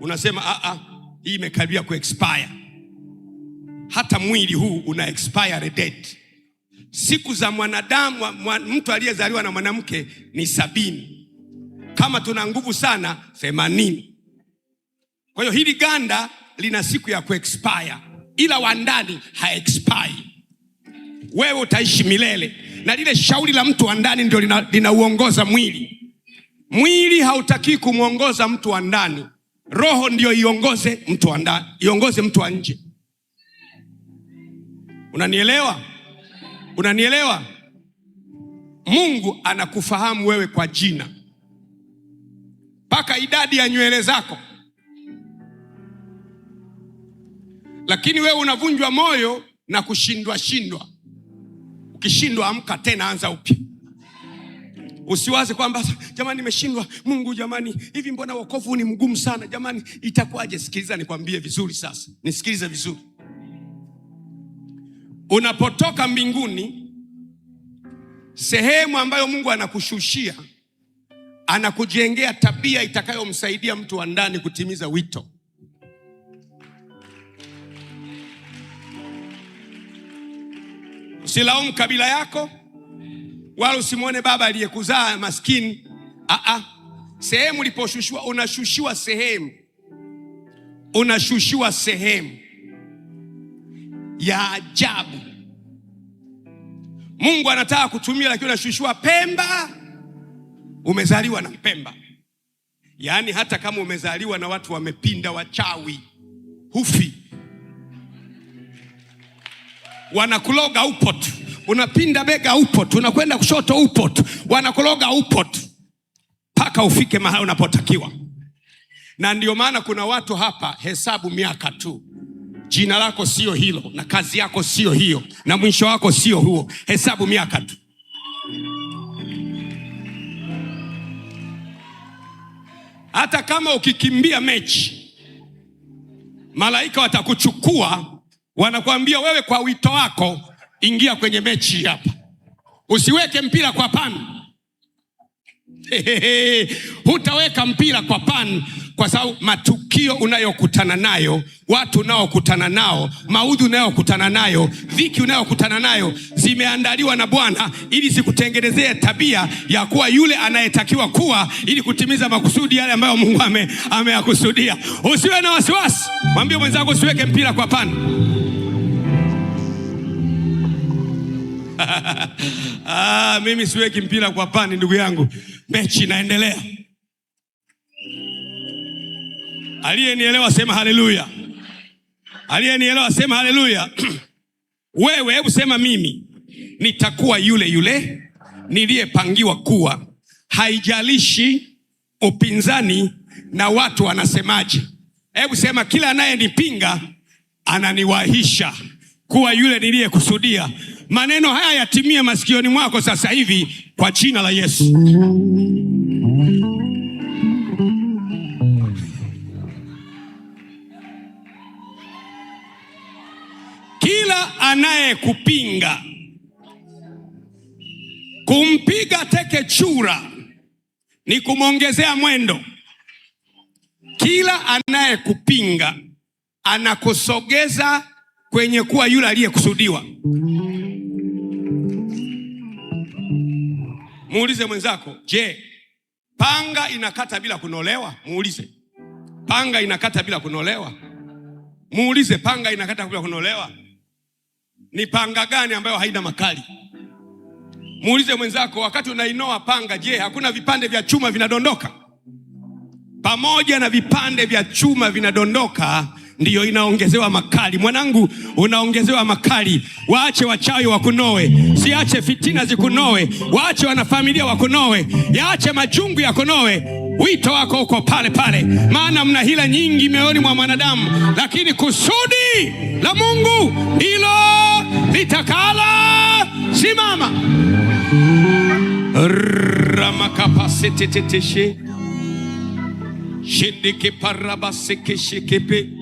unasema a ah, a, ah, hii imekaribia kuexpire. Hata mwili huu una expire date. Siku za mwanadamu mtu aliyezaliwa na mwanamke ni sabini, kama tuna nguvu sana themanini. Kwa hiyo hili ganda lina siku ya kuexpire, ila wa ndani haexpire. Wewe utaishi milele, na lile shauri la mtu wa ndani ndio linauongoza lina mwili. Mwili hautaki kumwongoza mtu wa ndani roho ndio iongoze mtu wa ndani, iongoze mtu wa nje. Unanielewa? Unanielewa? Mungu anakufahamu wewe kwa jina, mpaka idadi ya nywele zako, lakini wewe unavunjwa moyo na kushindwa shindwa. Ukishindwa amka tena, anza upya. Usiwaze kwamba jamani, nimeshindwa Mungu, jamani, hivi mbona wokovu ni mgumu sana jamani, itakuwaje? Sikiliza nikwambie vizuri sasa, nisikilize vizuri. Unapotoka mbinguni, sehemu ambayo Mungu anakushushia, anakujengea tabia itakayomsaidia mtu wa ndani kutimiza wito. Usilaumu kabila yako wala usimwone baba aliyekuzaa maskini. sehemu uliposhushiwa, unashushiwa sehemu, unashushiwa sehemu ya ajabu. Mungu anataka kutumia, lakini unashushiwa Pemba. Umezaliwa na mpemba yaani hata kama umezaliwa na watu wamepinda, wachawi, hufi, wanakuloga upo tu unapinda bega upo tu, unakwenda kushoto upo tu, wanakologa upo tu, mpaka ufike mahali unapotakiwa. Na ndio maana kuna watu hapa, hesabu miaka tu. Jina lako sio hilo na kazi yako sio hiyo na mwisho wako sio huo, hesabu miaka tu. Hata kama ukikimbia mechi, malaika watakuchukua, wanakuambia wewe, kwa wito wako ingia kwenye mechi hapa, usiweke mpira kwa pani. Hutaweka mpira kwa pani kwa sababu matukio unayokutana nayo, watu unaokutana nao, maudhi unayokutana nayo, dhiki unayokutana nayo, zimeandaliwa na Bwana ili zikutengenezee tabia ya kuwa yule anayetakiwa kuwa, ili kutimiza makusudi yale ambayo Mungu ameyakusudia. Usiwe na wasiwasi, mwambie mwenzangu usiweke mpira kwa pani. Ah, mimi siweki mpira kwa pani, ndugu yangu, mechi inaendelea. Aliyenielewa sema haleluya, aliyenielewa sema haleluya. Wewe hebu sema mimi nitakuwa yule yule niliyepangiwa kuwa, haijalishi upinzani na watu wanasemaje. Hebu sema kila anayenipinga ananiwahisha kuwa yule niliyekusudia maneno haya yatimie masikioni mwako sasa hivi kwa jina la Yesu. Kila anayekupinga kumpiga teke chura ni kumwongezea mwendo. Kila anayekupinga anakusogeza kwenye kuwa yule aliyekusudiwa. Muulize mwenzako, je, panga inakata bila kunolewa? Muulize, panga inakata bila kunolewa? Muulize, panga inakata bila kunolewa? Ni panga gani ambayo haina makali? Muulize mwenzako, wakati unainoa panga, je, hakuna vipande vya chuma vinadondoka? Pamoja na vipande vya chuma vinadondoka ndiyo inaongezewa makali. Mwanangu, unaongezewa makali. Waache wachawi wakunoe, siache fitina zikunoe, waache wanafamilia wakunoe, yaache majungu yakunoe. Wito wako uko pale pale, maana mna hila nyingi mioyoni mwa mwanadamu, lakini kusudi la Mungu ndilo litakala simama. ramakapasititishi shindikiparabasikishikipi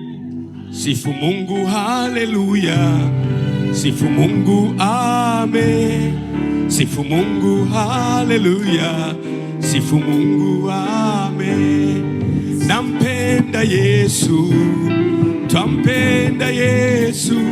Sifu Mungu, haleluya. Sifu Mungu, amen. Sifu Mungu, haleluya. Sifu Mungu, amen. Nampenda Yesu, twampenda Yesu.